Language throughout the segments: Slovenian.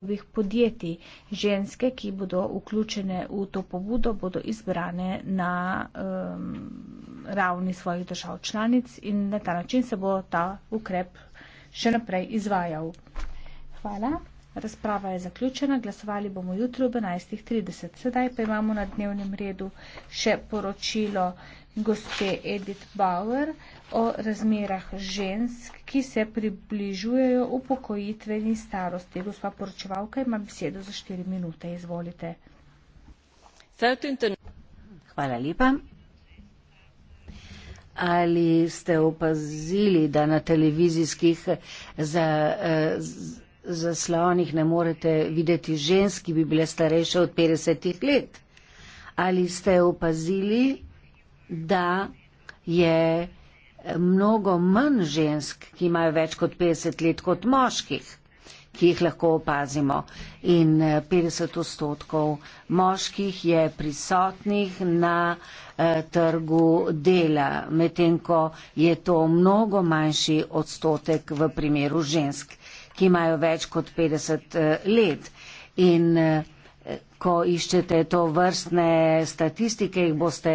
njihovih podjetij. Ženske, ki bodo vključene v to pobudo, bodo izbrane na um, ravni svojih držav članic in na ta način se bo ta ukrep še naprej izvajal. Hvala. Razprava je zaključena. Glasovali bomo jutro ob 11.30. Sedaj pa imamo na dnevnem redu še poročilo gospe Edith Bauer o razmerah žensk, ki se približujejo upokojitveni starosti. Gospa poročevalka, imam besedo za štiri minute. Izvolite. Hvala lepa. Ali ste opazili, da na televizijskih za, eh, zaslonih ne morete videti žensk, ki bi bile starejše od 50 let? Ali ste opazili, da je mnogo manj žensk, ki imajo več kot 50 let, kot moških, ki jih lahko opazimo. In 50 eh, odstotkov moških je prisotnih na eh, trgu dela, medtem ko je to mnogo manjši odstotek v primeru žensk, ki imajo več kot 50 eh, let. In uh, ko iščete to vrstne statistike, jih boste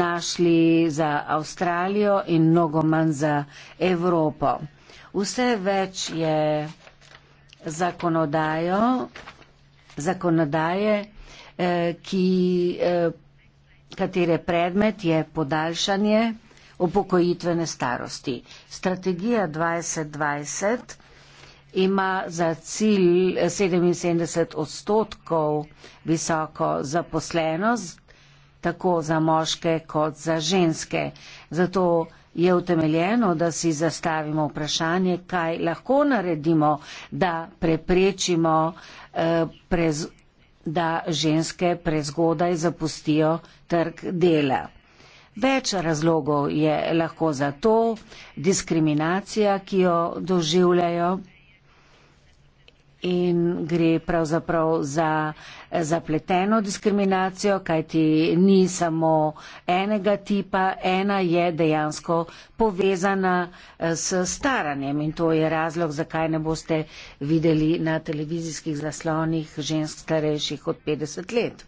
našli za Avstralijo in mnogo manj za Evropo. Vse več je zakonodajo, zakonodaje, eh, ki, eh, katere predmet je podaljšanje upokojitvene starosti. Strategija 2020 ima za cilj 77 odstotkov visoko zaposlenost, tako za moške kot za ženske. Zato je utemeljeno, da si zastavimo vprašanje, kaj lahko naredimo, da preprečimo, eh, da ženske prezgodaj zapustijo trg dela. Več razlogov je lahko za to diskriminacija, ki jo doživljajo. In gre pravzaprav za eh, zapleteno diskriminacijo, kajti ni samo enega tipa, ena je dejansko povezana eh, s staranjem in to je razlog, zakaj ne boste videli na televizijskih zaslonih žensk starejših od 50 let.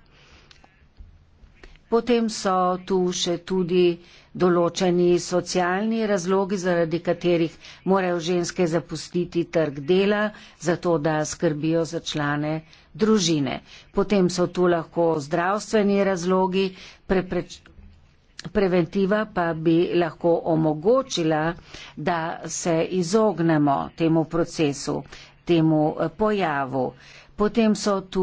Potem so tu še tudi določeni socialni razlogi, zaradi katerih morajo ženske zapustiti trg dela, zato da skrbijo za člane družine. Potem so tu lahko zdravstveni razlogi, preprič, preventiva pa bi lahko omogočila, da se izognemo temu procesu, temu eh, pojavu. Potem so tu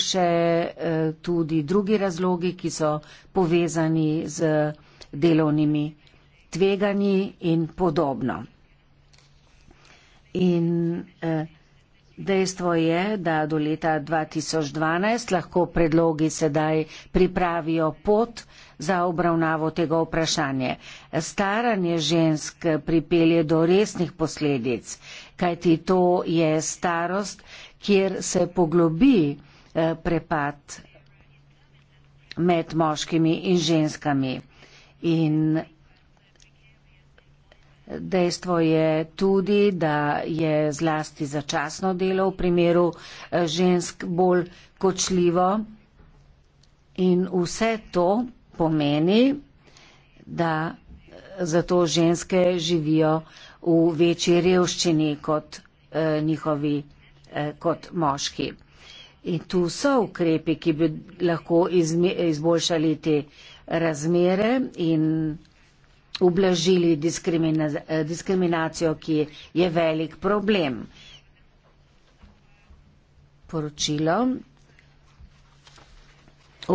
še eh, tudi drugi razlogi, ki so povezani z delovnimi tveganji in podobno. In eh, dejstvo je, da do leta 2012 lahko predlogi sedaj pripravijo pot za obravnavo tega vprašanja. Staranje žensk pripelje do resnih posledic, kajti to je starost, kjer se poglobi eh, prepad med moškimi in ženskami. In dejstvo je tudi, da je zlasti začasno delo v primeru eh, žensk bolj kočljivo. In vse to pomeni, da eh, zato ženske živijo v večji revščini kot eh, njihovi Eh, kot moški. In tu so ukrepi, ki bi lahko izboljšali te razmere in ublažili diskrimina eh, diskriminacijo, ki je velik problem. Poročilo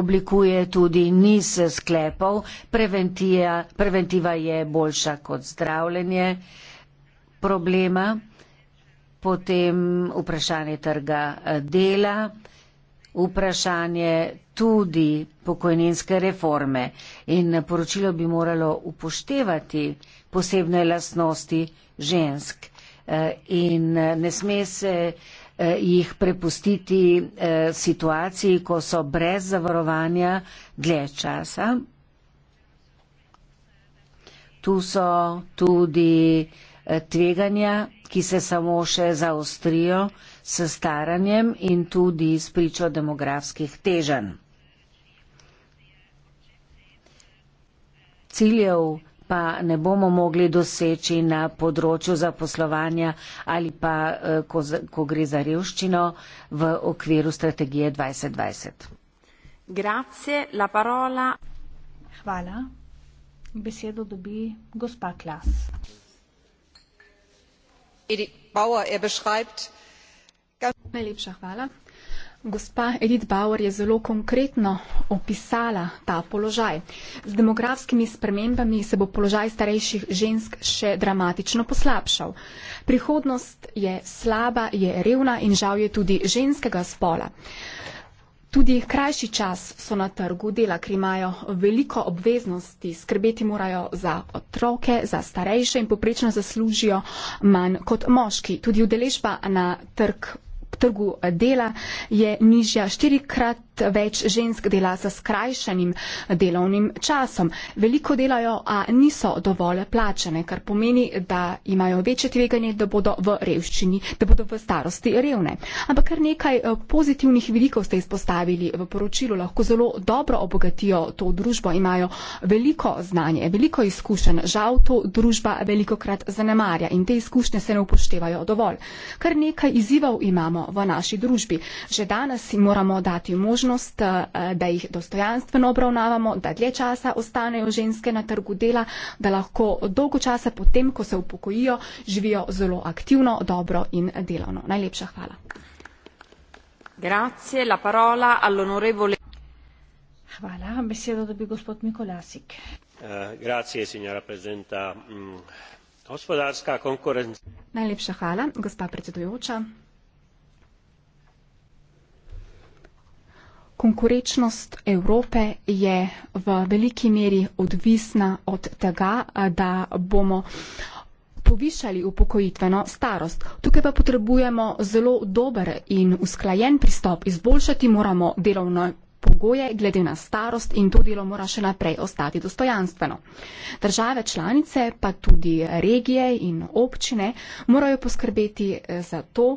oblikuje tudi niz sklepov, preventiva je boljša kot zdravljenje problema potem vprašanje trga eh, dela, vprašanje tudi pokojninske reforme in poročilo bi moralo upoštevati posebne lastnosti žensk eh, in eh, ne sme se jih prepustiti situaciji, ko so brez zavarovanja dlje časa. Tu so tudi uh, tveganja, ki se samo še zaostrijo s staranjem in tudi s pričo demografskih težen. Ciljev pa ne bomo mogli doseči na področju zaposlovanja ali pa, eh, ko, ko gre za revščino, v okviru strategije 2020. Grazie, la parola. Hvala. Besedo dobi gospa Klas. Er Najlepša hvala. Gospa Edith Bauer je zelo konkretno opisala ta položaj. Z demografskimi spremembami se bo položaj starejših žensk še dramatično poslabšal. Prihodnost je slaba, je revna in žal je tudi ženskega spola. Tudi krajši čas so na trgu dela, ker imajo veliko obveznosti, skrbeti morajo za otroke, za starejše in poprečno zaslužijo manj kot moški. Tudi udeležba na trg, trgu dela je nižja, štirikrat več žensk dela za skrajšanim delovnim časom. Veliko delajo, a niso dovolj plačene, kar pomeni, da imajo večje tveganje, da bodo v revščini, da bodo v starosti revne. Ampak kar nekaj eh, pozitivnih vidikov ste izpostavili v poročilu, lahko zelo dobro obogatijo to družbo, imajo veliko znanje, veliko izkušenj. Žal to družba veliko krat zanemarja in te izkušnje se ne upoštevajo dovolj. Kar nekaj izzivov imamo v naši družbi. Že danes si moramo dati možnost, možnost, eh, da jih dostojanstveno obravnavamo, da dlje časa ostanejo ženske na trgu dela, da lahko dolgo časa potem, ko se upokojijo, živijo zelo aktivno, dobro in delovno. Najlepša hvala. Grazie, la parola all'onorevole. Hvala, besedo dobi gospod Mikolasik. Eh, grazie, signora prezidenta. Mm, gospodarska konkurenca. Najlepša hvala, gospa predsedujoča. Konkurenčnost Evrope je v veliki meri odvisna od tega, da bomo povišali upokojitveno starost. Tukaj pa potrebujemo zelo dober in usklajen pristop. Izboljšati moramo delovne pogoje glede na starost in to delo mora še naprej ostati dostojanstveno. Države članice, pa tudi regije in občine morajo poskrbeti eh, za to,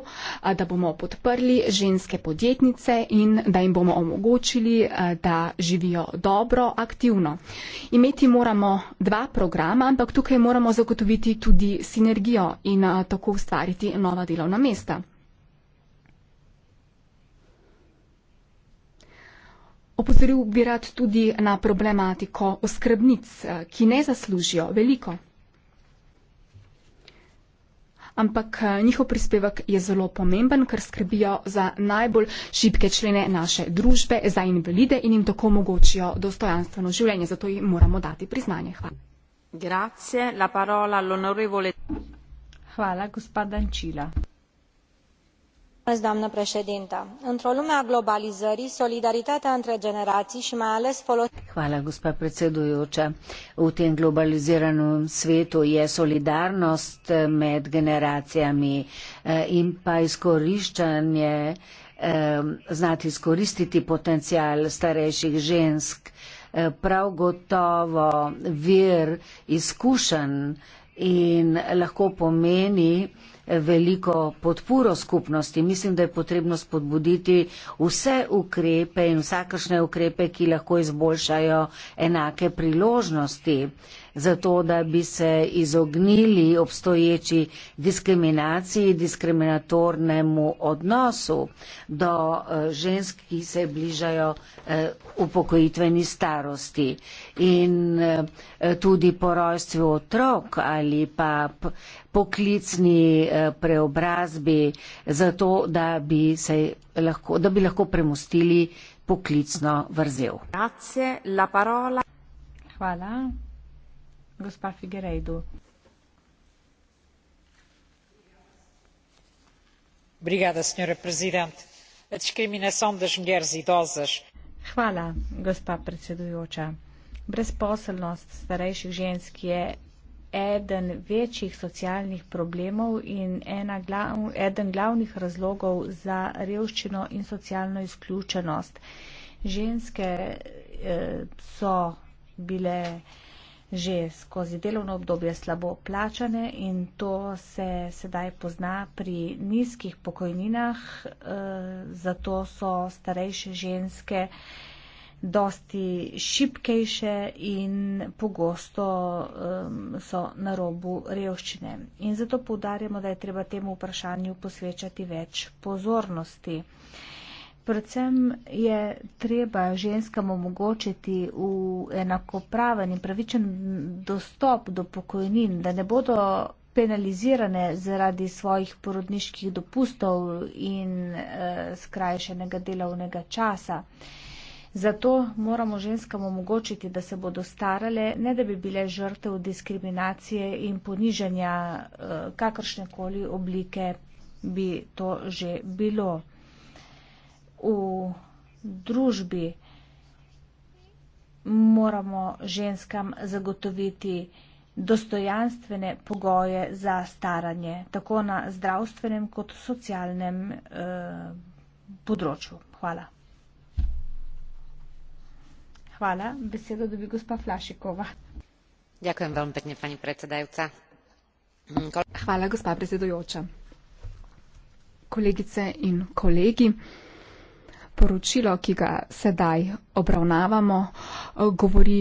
da bomo podprli ženske podjetnice in da jim bomo omogočili, eh, da živijo dobro, aktivno. Imeti moramo dva programa, ampak tukaj moramo zagotoviti tudi sinergijo in eh, tako ustvariti nova delovna mesta. Opozoril bi rad tudi na problematiko oskrbnic, eh, ki ne zaslužijo veliko. Ampak eh, njihov prispevek je zelo pomemben, ker skrbijo za najbolj šibke člene naše družbe, za invalide in jim tako omogočijo dostojanstveno življenje. Zato jim moramo dati priznanje. Hvala. Grazie, la parola, Hvala, gospa Dančila într o lume a globalizării solidaritatea între generaii i mai ales folosirea. gospa predsedujoca v tem globaliziranem svetu je solidarnost eh, med generacijami eh, in pa izkoriščanje eh, znati izkoristiti potencial starejših žensk prav gotovo vir izkušenj in lahko pomeni veliko podporo skupnosti. Mislim, da je potrebno spodbuditi vse ukrepe in vsakršne ukrepe, ki lahko izboljšajo enake priložnosti. Uh, zato, da bi se izognili obstoječi diskriminaciji, diskriminatornemu odnosu do eh, žensk, ki se bližajo eh, upokojitveni starosti. In eh, tudi po rojstvu otrok ali pa poklicni preobrazbi, zato, da bi, se, lahko, da bi lahko premustili poklicno vrzel. Hvala. Gospa Figueiredo. Obrigada, senhora Presidente. A discriminação das mulheres idosas. Hvala, gospa predsedujoča. Brezposelnost starejših žensk je eden večjih socialnih problemov in ena glav, eden glavnih razlogov za revščino in socialno izključenost. Ženske eh, so bile eh, že skozi delovno obdobje slabo plačane in to se sedaj pozna pri nizkih pokojninah, eh, zato so starejše ženske dosti šipkejše in pogosto so na robu revščine. In zato povdarjamo, da je treba temu vprašanju posvečati več pozornosti. Predvsem je treba ženskam omogočiti v enakopraven in pravičen dostop do pokojnin, da ne bodo penalizirane zaradi svojih porodniških dopustov in eh, skrajšenega delovnega časa. Zato moramo ženskam omogočiti, da se bodo starale, ne da bi bile žrtev diskriminacije in ponižanja eh, kakršnekoli oblike bi to že bilo v družbi moramo ženskam zagotoviti dostojanstvene pogoje za staranje, tako na zdravstvenem kot socialnem eh, področju. Hvala. Hvala. Besedo dobi gospa Flašikova. Ďakujem veľmi pekne, pani predsedajúca. Hvala, gospa predsedujoča. Kolegice in kolegi poročilo, ki ga sedaj obravnavamo, eh, govori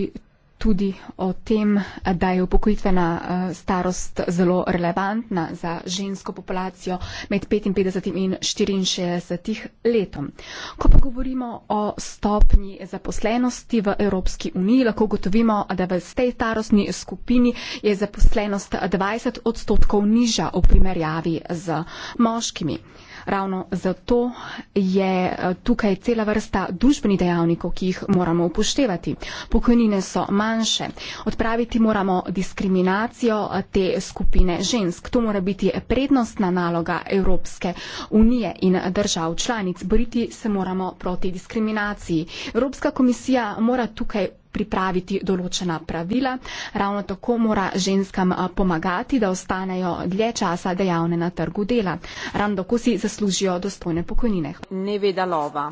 tudi o tem, eh, da je upokojitvena eh, starost zelo relevantna za žensko populacijo med 55 in 64 letom. Ko pa govorimo o stopnji zaposlenosti v Evropski uniji, lahko ugotovimo, da v tej starostni skupini je zaposlenost 20 odstotkov niža v primerjavi z moškimi. Ravno zato je eh, tukaj cela vrsta družbenih dejavnikov, ki jih moramo upoštevati. Pokojnine so manjše. Odpraviti moramo diskriminacijo eh, te skupine žensk. To mora biti prednostna naloga Evropske unije in držav članic. Boriti se moramo proti diskriminaciji. Evropska komisija mora tukaj pripraviti določena pravila. Ravno tako mora ženskam pomagati, da ostanejo dlje časa dejavne na trgu dela. Ravno tako si zaslužijo dostojne pokojnine. Nevedalova.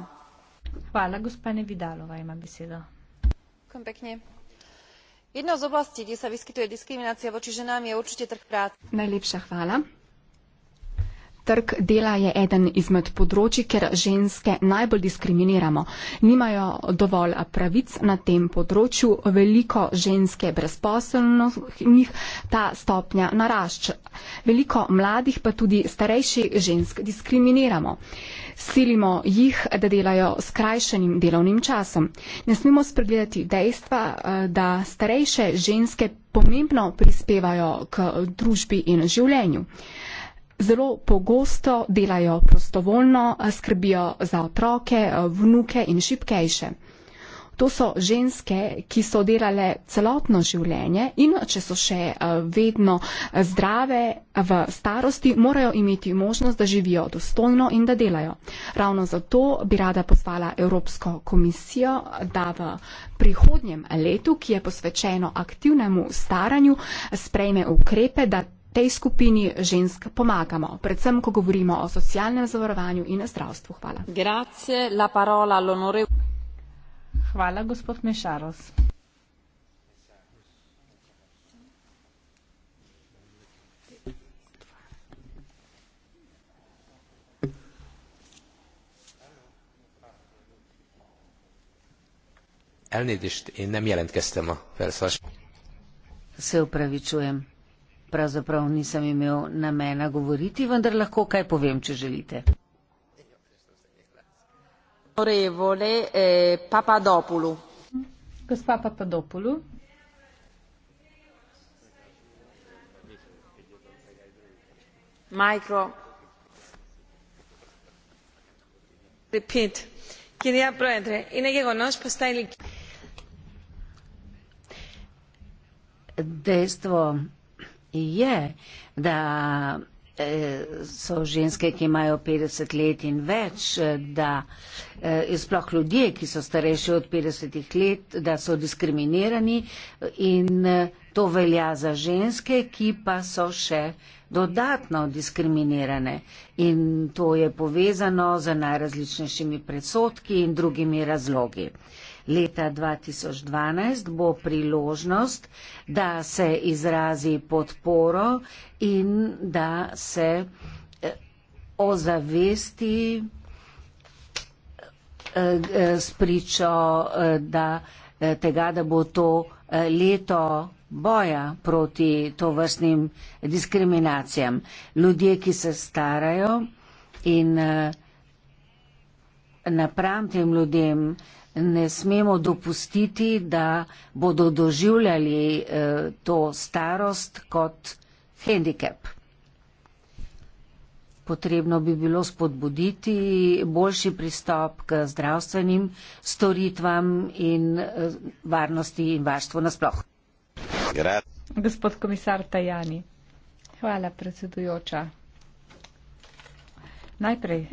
Hvala, gospa Nevidalova, ima besedo. Jedna od oblasti, kjer se vyskytuje diskriminacija voči ženám, je určite trh práce. Najlepša hvala. Trg dela je eden izmed področji, kjer ženske najbolj diskriminiramo. Nimajo dovolj pravic na tem področju, veliko ženske brezposelnih, ta stopnja narašča. Veliko mladih pa tudi starejših žensk diskriminiramo. Silimo jih, da delajo s krajšenim delovnim časom. Ne smemo spregledati dejstva, da starejše ženske pomembno prispevajo k družbi in življenju zelo pogosto delajo prostovoljno, skrbijo za otroke, vnuke in šipkejše. To so ženske, ki so delale celotno življenje in če so še eh, vedno eh, zdrave eh, v starosti, morajo imeti možnost, da živijo dostojno in da delajo. Ravno zato bi rada pozvala Evropsko komisijo, da v prihodnjem letu, ki je posvečeno aktivnemu staranju, sprejme ukrepe, da tej skupini žensk pomagamo, predvsem, ko govorimo o socialnem zavarovanju in zdravstvu. Hvala. Grazie, Hvala, gospod Mešaros. Elnedišt, in ne mi je len, kaj ste mu, Felsaš. Se upravičujem pravzaprav nisem imel namena govoriti, vendar lahko kaj povem, če želite. Orevole, eh, Papadopulu. Gospa Papadopulu. Micro. Repeat. Κυρία Πρόεδρε, είναι γεγονός πως τα ηλικία... Δέστο, je, da eh, so ženske, ki imajo 50 let in več, eh, da eh, sploh ljudje, ki so starejši od 50 let, da so diskriminirani in to velja za ženske, ki pa so še dodatno diskriminirane. In to je povezano z najrazličnejšimi predsotki in drugimi razlogi leta 2012 bo priložnost, da se izrazi podporo in da se eh, ozavesti eh, eh, s pričo da, tega, da bo to leto boja proti tovrstnim diskriminacijam. Ljudje, ki se starajo in napram tem ljudem uh, ne smemo dopustiti, da bodo doživljali eh, to starost kot hendikep. Potrebno bi bilo spodbuditi boljši pristop k zdravstvenim storitvam in eh, varnosti in varstvu nasploh. Gospod komisar Tajani, hvala predsedujoča. Najprej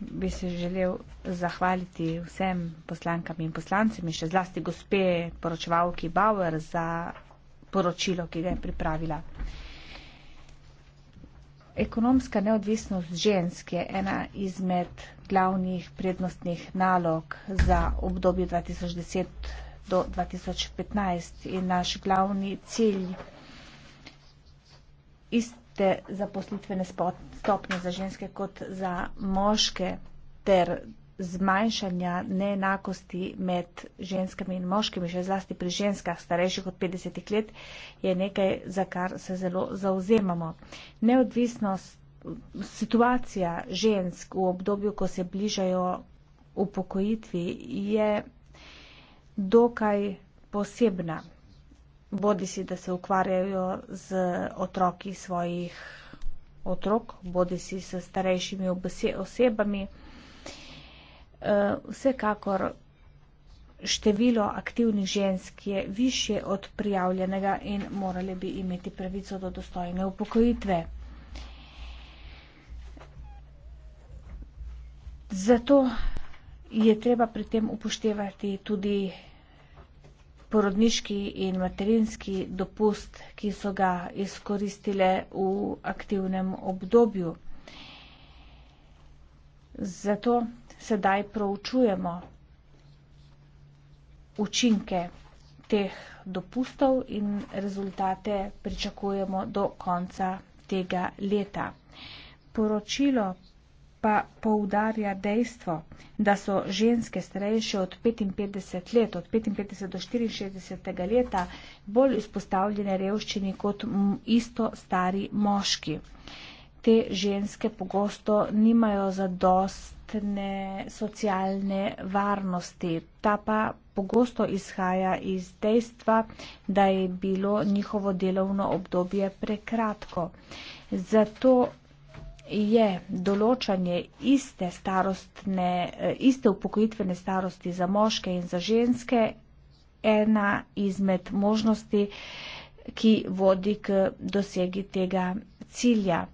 bi se želel zahvaliti vsem poslankam in poslancem in še zlasti gospe poročevalki Bauer za poročilo, ki ga je pripravila. Ekonomska neodvisnost žensk je ena izmed glavnih prednostnih nalog za obdobje 2010 do 2015 in naš glavni cilj iz različne zaposlitvene stopnje za ženske kot za moške ter zmanjšanja neenakosti med ženskami in moškimi, še zlasti pri ženskah starejših od 50 let, je nekaj, za kar se zelo zauzemamo. Neodvisnost, situacija žensk v obdobju, ko se bližajo upokojitvi, je dokaj posebna bodi si da se ukvarjajo z otroki svojih otrok, bodi si s starejšimi osebami. E, vsekakor število aktivnih žensk je više od prijavljenega in morali bi imeti pravico do dostojne upokojitve. Zato je treba pri tem upoštevati tudi porodniški in materinski dopust, ki so ga izkoristile v aktivnem obdobju. Zato sedaj proučujemo učinke teh dopustov in rezultate pričakujemo do konca tega leta. Poročilo pa poudarja dejstvo, da so ženske starejše od 55 let, od 55 do 64 leta, bolj izpostavljene revščini kot isto stari moški. Te ženske pogosto nimajo zadostne socialne varnosti, ta pa pogosto izhaja iz dejstva, da je bilo njihovo delovno obdobje prekratko. Zato je določanje iste starostne, eh, iste upokojitvene starosti za moške in za ženske ena izmed možnosti, ki vodi k dosegi tega cilja.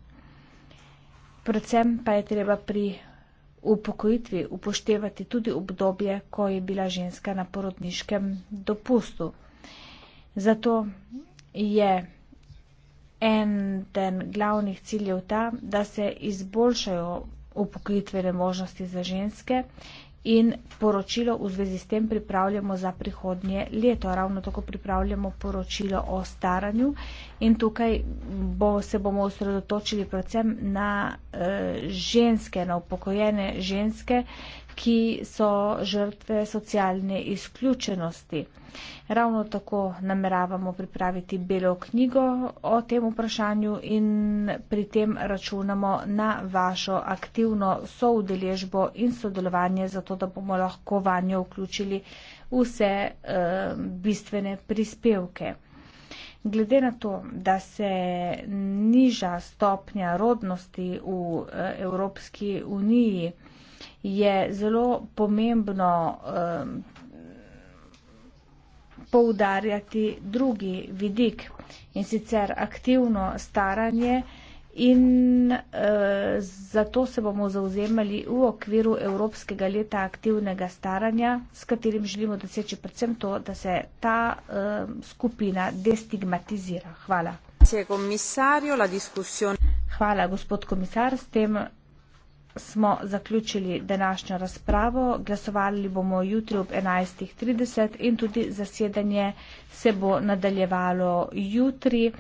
Predvsem pa je treba pri upokojitvi upoštevati tudi obdobje, ko je bila ženska na porodniškem dopustu. Zato je eden glavnih ciljev ta, da se izboljšajo upokojitvene možnosti za ženske in poročilo v zvezi s tem pripravljamo za prihodnje leto. Ravno tako pripravljamo poročilo o staranju in tukaj bo, se bomo osredotočili predvsem na e, ženske, na upokojene ženske, ki so žrtve socialne izključenosti. Ravno tako nameravamo pripraviti belo knjigo o tem vprašanju in pri tem računamo na vašo aktivno soudeležbo in sodelovanje, zato da bomo lahko vanjo vključili vse e, bistvene prispevke. Glede na to, da se niža stopnja rodnosti v eh, Evropski uniji, je zelo pomembno eh, poudarjati drugi vidik in sicer aktivno staranje in uh, zato se bomo zauzemali v okviru Evropskega leta aktivnega staranja, s katerim želimo doseči predvsem to, da se ta uh, skupina destigmatizira. Hvala. Hvala, gospod komisar. S tem smo zaključili današnjo razpravo. Glasovali bomo jutri ob 11.30 in tudi zasedanje se bo nadaljevalo jutri.